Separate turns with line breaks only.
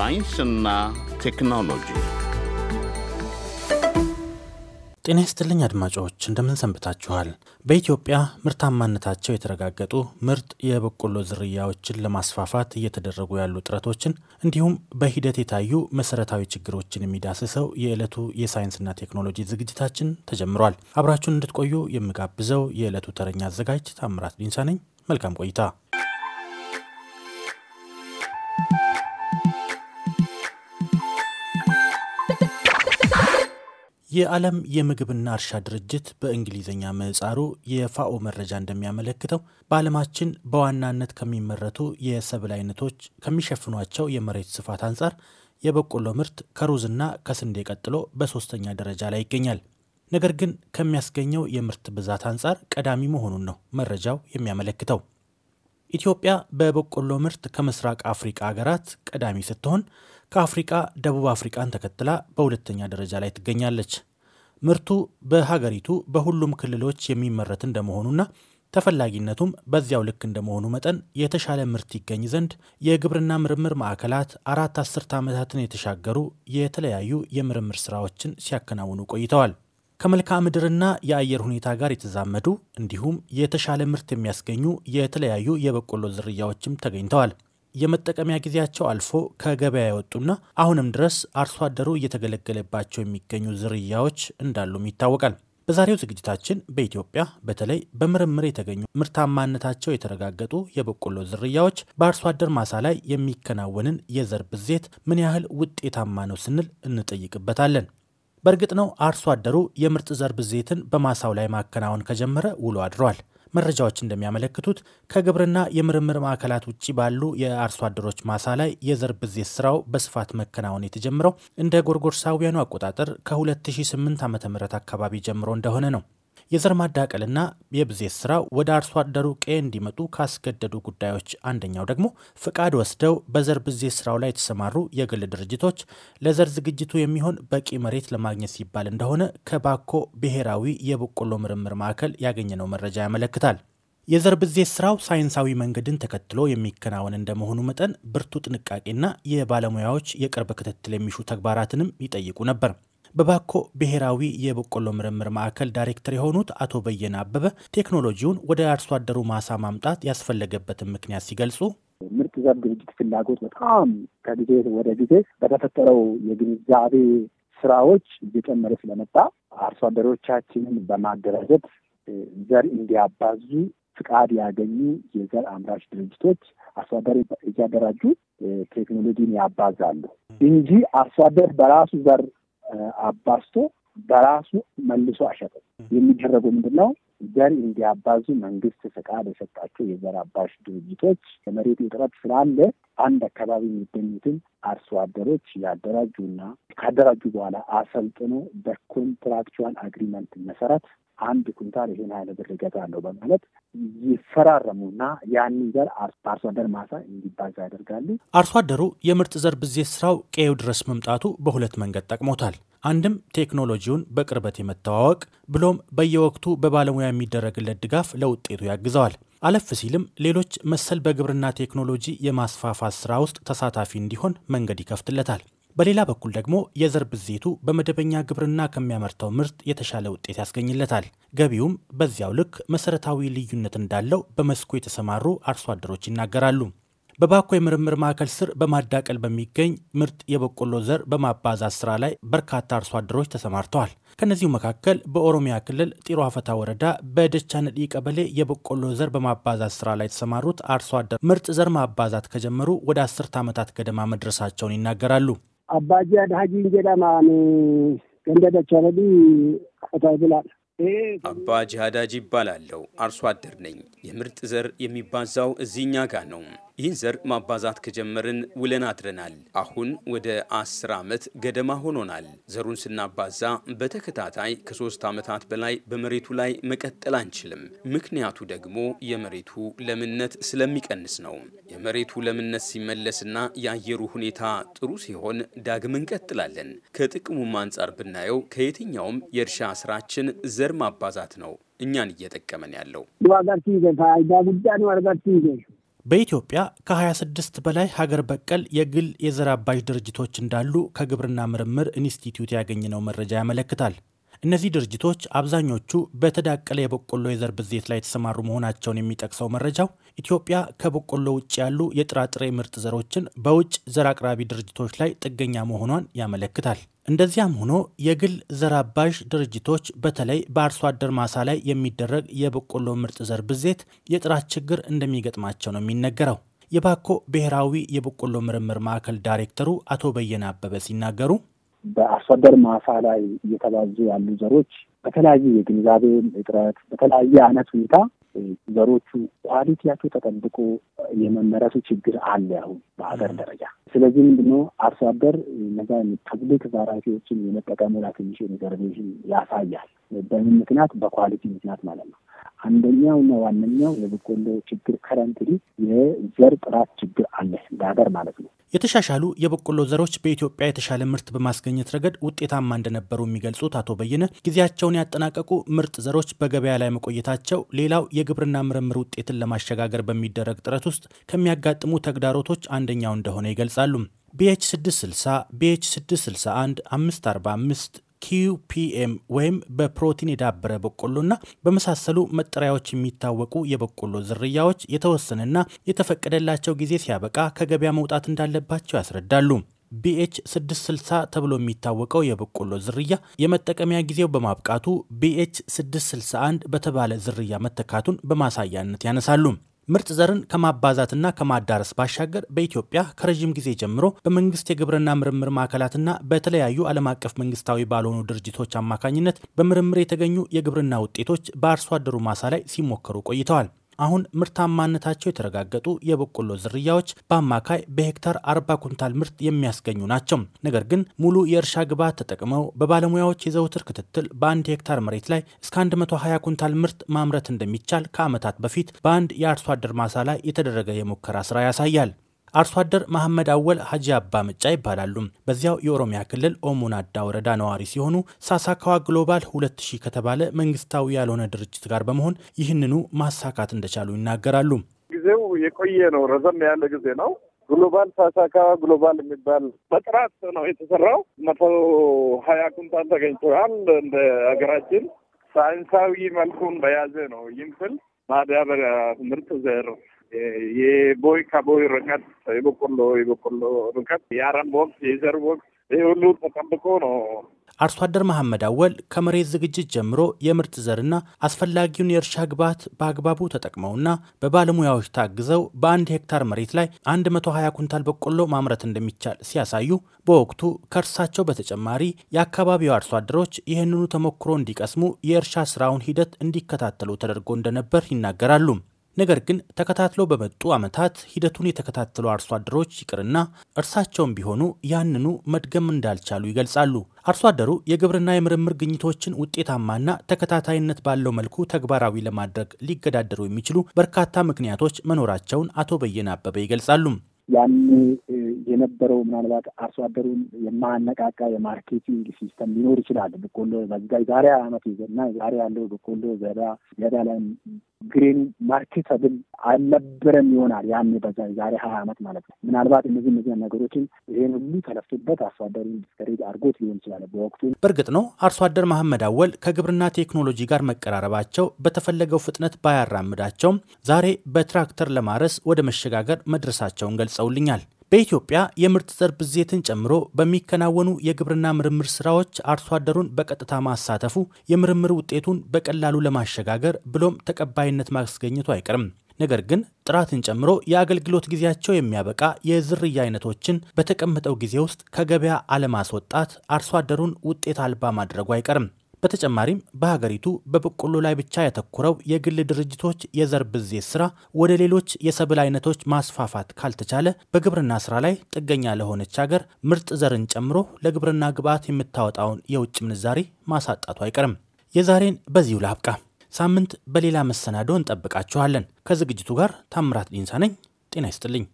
ሳይንስና ቴክኖሎጂ
ጤና ይስጥልኝ አድማጮች፣ እንደምንሰንብታችኋል። በኢትዮጵያ ምርታማነታቸው የተረጋገጡ ምርጥ የበቆሎ ዝርያዎችን ለማስፋፋት እየተደረጉ ያሉ ጥረቶችን እንዲሁም በሂደት የታዩ መሰረታዊ ችግሮችን የሚዳስሰው የዕለቱ የሳይንስና ቴክኖሎጂ ዝግጅታችን ተጀምሯል። አብራችሁን እንድትቆዩ የምጋብዘው የዕለቱ ተረኛ አዘጋጅ ታምራት ዲንሳ ነኝ። መልካም ቆይታ። የዓለም የምግብና እርሻ ድርጅት በእንግሊዝኛ ምህጻሩ የፋኦ መረጃ እንደሚያመለክተው በዓለማችን በዋናነት ከሚመረቱ የሰብል አይነቶች ከሚሸፍኗቸው የመሬት ስፋት አንጻር የበቆሎ ምርት ከሩዝና ከስንዴ ቀጥሎ በሶስተኛ ደረጃ ላይ ይገኛል። ነገር ግን ከሚያስገኘው የምርት ብዛት አንጻር ቀዳሚ መሆኑን ነው መረጃው የሚያመለክተው። ኢትዮጵያ በበቆሎ ምርት ከምስራቅ አፍሪቃ ሀገራት ቀዳሚ ስትሆን ከአፍሪቃ ደቡብ አፍሪቃን ተከትላ በሁለተኛ ደረጃ ላይ ትገኛለች። ምርቱ በሀገሪቱ በሁሉም ክልሎች የሚመረት እንደመሆኑና ተፈላጊነቱም በዚያው ልክ እንደመሆኑ መጠን የተሻለ ምርት ይገኝ ዘንድ የግብርና ምርምር ማዕከላት አራት አስርት ዓመታትን የተሻገሩ የተለያዩ የምርምር ስራዎችን ሲያከናውኑ ቆይተዋል። ከመልክዓ ምድርና የአየር ሁኔታ ጋር የተዛመዱ እንዲሁም የተሻለ ምርት የሚያስገኙ የተለያዩ የበቆሎ ዝርያዎችም ተገኝተዋል። የመጠቀሚያ ጊዜያቸው አልፎ ከገበያ የወጡና አሁንም ድረስ አርሶ አደሩ እየተገለገለባቸው የሚገኙ ዝርያዎች እንዳሉም ይታወቃል። በዛሬው ዝግጅታችን በኢትዮጵያ በተለይ በምርምር የተገኙ ምርታማነታቸው የተረጋገጡ የበቆሎ ዝርያዎች በአርሶ አደር ማሳ ላይ የሚከናወንን የዘር ብዜት ምን ያህል ውጤታማ ነው ስንል እንጠይቅበታለን። በእርግጥ ነው አርሶ አደሩ የምርጥ ዘር ብዜትን በማሳው ላይ ማከናወን ከጀመረ ውሎ አድሯል። መረጃዎች እንደሚያመለክቱት ከግብርና የምርምር ማዕከላት ውጭ ባሉ የአርሶ አደሮች ማሳ ላይ የዘር ብዜት ስራው በስፋት መከናወን የተጀመረው እንደ ጎርጎርሳውያኑ አቆጣጠር ከ2008 ዓ ም አካባቢ ጀምሮ እንደሆነ ነው። የዘር ማዳቀልና የብዜት ስራ ወደ አርሶ አደሩ ቀይ እንዲመጡ ካስገደዱ ጉዳዮች አንደኛው ደግሞ ፍቃድ ወስደው በዘር ብዜት ስራው ላይ የተሰማሩ የግል ድርጅቶች ለዘር ዝግጅቱ የሚሆን በቂ መሬት ለማግኘት ሲባል እንደሆነ ከባኮ ብሔራዊ የበቆሎ ምርምር ማዕከል ያገኘነው መረጃ ያመለክታል። የዘር ብዜት ስራው ሳይንሳዊ መንገድን ተከትሎ የሚከናወን እንደመሆኑ መጠን ብርቱ ጥንቃቄና የባለሙያዎች የቅርብ ክትትል የሚሹ ተግባራትንም ይጠይቁ ነበር። በባኮ ብሔራዊ የበቆሎ ምርምር ማዕከል ዳይሬክተር የሆኑት አቶ በየነ አበበ ቴክኖሎጂውን ወደ አርሶ አደሩ ማሳ ማምጣት ያስፈለገበትን ምክንያት ሲገልጹ
ምርጥ ዘር ድርጅት ፍላጎት በጣም ከጊዜ ወደ ጊዜ በተፈጠረው የግንዛቤ ስራዎች እየጨመረ ስለመጣ አርሶ አደሮቻችንን በማደራጀት ዘር እንዲያባዙ ፍቃድ ያገኙ የዘር አምራች ድርጅቶች አርሶ አደር እያደራጁ ቴክኖሎጂን ያባዛሉ እንጂ አርሶ አደር በራሱ ዘር አባስቶ በራሱ መልሶ አሸጠው። የሚደረጉ ምንድን ነው? ዘር እንዲያባዙ መንግስት ፈቃድ የሰጣቸው የዘር አባሽ ድርጅቶች የመሬት እጥረት ስላለ አንድ አካባቢ የሚገኙትን አርሶ አደሮች ያደራጁና ካደራጁ በኋላ አሰልጥኖ በኮንትራክቹዋል አግሪመንት መሰረት አንድ ኩንታል ይሄን አይነት ብር እገዛለሁ በማለት ይፈራረሙና ያንን ዘር በአርሶ አደር ማሳ እንዲባዛ ያደርጋሉ።
አርሶ አደሩ የምርጥ ዘር ብዜት ስራው ቀዬው ድረስ መምጣቱ በሁለት መንገድ ጠቅሞታል። አንድም ቴክኖሎጂውን በቅርበት የመተዋወቅ ብሎም በየወቅቱ በባለሙያ የሚደረግለት ድጋፍ ለውጤቱ ያግዘዋል። አለፍ ሲልም ሌሎች መሰል በግብርና ቴክኖሎጂ የማስፋፋት ስራ ውስጥ ተሳታፊ እንዲሆን መንገድ ይከፍትለታል። በሌላ በኩል ደግሞ የዘር ብዜቱ በመደበኛ ግብርና ከሚያመርተው ምርት የተሻለ ውጤት ያስገኝለታል። ገቢውም በዚያው ልክ መሰረታዊ ልዩነት እንዳለው በመስኩ የተሰማሩ አርሶ አደሮች ይናገራሉ። በባኮ የምርምር ማዕከል ስር በማዳቀል በሚገኝ ምርጥ የበቆሎ ዘር በማባዛት ስራ ላይ በርካታ አርሶ አደሮች ተሰማርተዋል። ከእነዚሁ መካከል በኦሮሚያ ክልል ጢሮ አፈታ ወረዳ በደቻ ነዲ ቀበሌ የበቆሎ ዘር በማባዛት ስራ ላይ የተሰማሩት አርሶ አደር ምርጥ ዘር ማባዛት ከጀመሩ ወደ አስርት ዓመታት ገደማ መድረሳቸውን ይናገራሉ።
አባጂ አድሃጂ እንጀዳማን ገንደደቸረዲ ቀታ ይብላል። አባ ጂሃዳጅ ይባላለሁ። አርሶ አደር ነኝ። የምርጥ ዘር የሚባዛው እዚህኛ ጋር ነው። ይህን ዘር ማባዛት ከጀመርን ውለን አድረናል። አሁን ወደ አስር ዓመት ገደማ ሆኖናል። ዘሩን ስናባዛ በተከታታይ ከሶስት ዓመታት በላይ በመሬቱ ላይ መቀጠል አንችልም። ምክንያቱ ደግሞ የመሬቱ ለምነት ስለሚቀንስ ነው። የመሬቱ ለምነት ሲመለስና የአየሩ ሁኔታ ጥሩ ሲሆን ዳግም እንቀጥላለን። ከጥቅሙም አንጻር ብናየው ከየትኛውም የእርሻ ስራችን ዘር ማባዛት ነው እኛን እየጠቀመን ያለው
ጉዳ ነው። በኢትዮጵያ ከ26 በላይ ሀገር በቀል የግል የዘር አባዥ ድርጅቶች እንዳሉ ከግብርና ምርምር ኢንስቲትዩት ያገኘነው መረጃ ያመለክታል። እነዚህ ድርጅቶች አብዛኞቹ በተዳቀለ የበቆሎ የዘር ብዜት ላይ የተሰማሩ መሆናቸውን የሚጠቅሰው መረጃው ኢትዮጵያ ከበቆሎ ውጭ ያሉ የጥራጥሬ ምርጥ ዘሮችን በውጭ ዘር አቅራቢ ድርጅቶች ላይ ጥገኛ መሆኗን ያመለክታል። እንደዚያም ሆኖ የግል ዘር አባዥ ድርጅቶች በተለይ በአርሶ አደር ማሳ ላይ የሚደረግ የበቆሎ ምርጥ ዘር ብዜት የጥራት ችግር እንደሚገጥማቸው ነው የሚነገረው። የባኮ ብሔራዊ የበቆሎ ምርምር ማዕከል ዳይሬክተሩ አቶ በየነ አበበ ሲናገሩ
በአርሶ አደር ማሳ ላይ እየተባዙ ያሉ ዘሮች በተለያዩ የግንዛቤ እጥረት፣ በተለያየ አይነት ሁኔታ ዘሮቹ ኳሊቲያቸው ተጠብቆ የመመረቱ ችግር አለ አሁን በሀገር ደረጃ። ስለዚህ ምንድነው አርሶ አደር እነዛ ፐብሊክ ቫራይቲዎችን የመጠቀሙ ላይ ትንሽ ሪዘርቬሽን ያሳያል። በምን ምክንያት? በኳሊቲ ምክንያት ማለት ነው። አንደኛው እና ዋነኛው የበቆሎ ችግር ከረንትሊ የዘር ጥራት
ችግር አለ እንደ ሀገር ማለት ነው። የተሻሻሉ የበቆሎ ዘሮች በኢትዮጵያ የተሻለ ምርት በማስገኘት ረገድ ውጤታማ እንደነበሩ የሚገልጹት አቶ በየነ ጊዜያቸውን ያጠናቀቁ ምርጥ ዘሮች በገበያ ላይ መቆየታቸው ሌላው የግብርና ምርምር ውጤትን ለማሸጋገር በሚደረግ ጥረት ውስጥ ከሚያጋጥሙ ተግዳሮቶች አንደኛው እንደሆነ ይገልጻሉ። ቢኤች 660 ቢኤች 661 545 ኪዩፒኤም ወይም በፕሮቲን የዳበረ በቆሎና በመሳሰሉ መጠሪያዎች የሚታወቁ የበቆሎ ዝርያዎች የተወሰነና የተፈቀደላቸው ጊዜ ሲያበቃ ከገበያ መውጣት እንዳለባቸው ያስረዳሉ። ቢኤች 660 ተብሎ የሚታወቀው የበቆሎ ዝርያ የመጠቀሚያ ጊዜው በማብቃቱ ቢኤች 661 በተባለ ዝርያ መተካቱን በማሳያነት ያነሳሉ። ምርጥ ዘርን ከማባዛትና ከማዳረስ ባሻገር በኢትዮጵያ ከረዥም ጊዜ ጀምሮ በመንግስት የግብርና ምርምር ማዕከላትና በተለያዩ ዓለም አቀፍ መንግስታዊ ባልሆኑ ድርጅቶች አማካኝነት በምርምር የተገኙ የግብርና ውጤቶች በአርሶ አደሩ ማሳ ላይ ሲሞከሩ ቆይተዋል። አሁን ምርታማነታቸው የተረጋገጡ የበቆሎ ዝርያዎች በአማካይ በሄክታር 40 ኩንታል ምርት የሚያስገኙ ናቸው። ነገር ግን ሙሉ የእርሻ ግብዓት ተጠቅመው በባለሙያዎች የዘውትር ክትትል በአንድ ሄክታር መሬት ላይ እስከ 120 ኩንታል ምርት ማምረት እንደሚቻል ከዓመታት በፊት በአንድ የአርሶ አደር ማሳ ላይ የተደረገ የሙከራ ስራ ያሳያል። አርሶ አደር መሐመድ አወል ሀጂ አባ ምጫ ይባላሉ። በዚያው የኦሮሚያ ክልል ኦሞናዳ ወረዳ ነዋሪ ሲሆኑ ሳሳካዋ ግሎባል 2000 ከተባለ መንግስታዊ ያልሆነ ድርጅት ጋር በመሆን ይህንኑ ማሳካት እንደቻሉ ይናገራሉ።
ጊዜው የቆየ ነው፣ ረዘም ያለ ጊዜ ነው። ግሎባል ሳሳካዋ ግሎባል የሚባል በጥራት ነው የተሰራው። መቶ ሀያ ኩንታል ተገኝተዋል። እንደ ሀገራችን ሳይንሳዊ መልኩን በያዘ ነው ይምስል ማዳበሪያ ምርጥ ዘር የቦይ ከቦይ ርቀት፣ የበቆሎ የበቆሎ ርቀት፣ የአረም ወቅት፣ የዘር ወቅት ይህ ሁሉ ተጠብቆ ነው።
አርሶ አደር መሐመድ አወል ከመሬት ዝግጅት ጀምሮ የምርጥ ዘርና አስፈላጊውን የእርሻ ግብዓት በአግባቡ ተጠቅመውና በባለሙያዎች ታግዘው በአንድ ሄክታር መሬት ላይ 120 ኩንታል በቆሎ ማምረት እንደሚቻል ሲያሳዩ፣ በወቅቱ ከእርሳቸው በተጨማሪ የአካባቢው አርሶ አደሮች ይህንኑ ተሞክሮ እንዲቀስሙ የእርሻ ስራውን ሂደት እንዲከታተሉ ተደርጎ እንደነበር ይናገራሉ። ነገር ግን ተከታትሎ በመጡ ዓመታት ሂደቱን የተከታተሉ አርሶ አደሮች ይቅርና እርሳቸውም ቢሆኑ ያንኑ መድገም እንዳልቻሉ ይገልጻሉ። አርሶ አደሩ የግብርና የምርምር ግኝቶችን ውጤታማና ተከታታይነት ባለው መልኩ ተግባራዊ ለማድረግ ሊገዳደሩ የሚችሉ በርካታ ምክንያቶች መኖራቸውን አቶ በየነ አበበ ይገልጻሉ።
ያን የነበረው ምናልባት አርሶ አደሩን የማነቃቃ የማርኬቲንግ ሲስተም ሊኖር ይችላል። በቆሎ በዛ ዛሬ አመት ዘና ዛሬ ያለው በቆሎ ዘዳ ገዳ ላይ ግሪን ማርኬተብል አልነበረም ይሆናል ያኔ በዛ የዛሬ ሀያ ዓመት ማለት ነው። ምናልባት እነዚህ እነዚህ ነገሮችን ይህን ሁሉ ተለፍቶበት አርሶ አደሩ ዲስከሬጅ አድርጎት
ሊሆን ይችላል በወቅቱ። በእርግጥ ነው አርሶ አደር መሐመድ አወል ከግብርና ቴክኖሎጂ ጋር መቀራረባቸው በተፈለገው ፍጥነት ባያራምዳቸውም ዛሬ በትራክተር ለማረስ ወደ መሸጋገር መድረሳቸውን ገልጸውልኛል። በኢትዮጵያ የምርጥ ዘር ብዜትን ጨምሮ በሚከናወኑ የግብርና ምርምር ስራዎች አርሶ አደሩን በቀጥታ ማሳተፉ የምርምር ውጤቱን በቀላሉ ለማሸጋገር ብሎም ተቀባይነት ማስገኘቱ አይቀርም። ነገር ግን ጥራትን ጨምሮ የአገልግሎት ጊዜያቸው የሚያበቃ የዝርያ አይነቶችን በተቀመጠው ጊዜ ውስጥ ከገበያ አለማስወጣት አርሶ አደሩን ውጤት አልባ ማድረጉ አይቀርም። በተጨማሪም በሀገሪቱ በበቆሎ ላይ ብቻ ያተኮረው የግል ድርጅቶች የዘር ብዜት ስራ ወደ ሌሎች የሰብል አይነቶች ማስፋፋት ካልተቻለ በግብርና ስራ ላይ ጥገኛ ለሆነች ሀገር ምርጥ ዘርን ጨምሮ ለግብርና ግብዓት የምታወጣውን የውጭ ምንዛሬ ማሳጣቱ አይቀርም። የዛሬን በዚሁ ላብቃ። ሳምንት በሌላ መሰናዶ እንጠብቃችኋለን። ከዝግጅቱ ጋር ታምራት ዲንሳ ነኝ። ጤና ይስጥልኝ።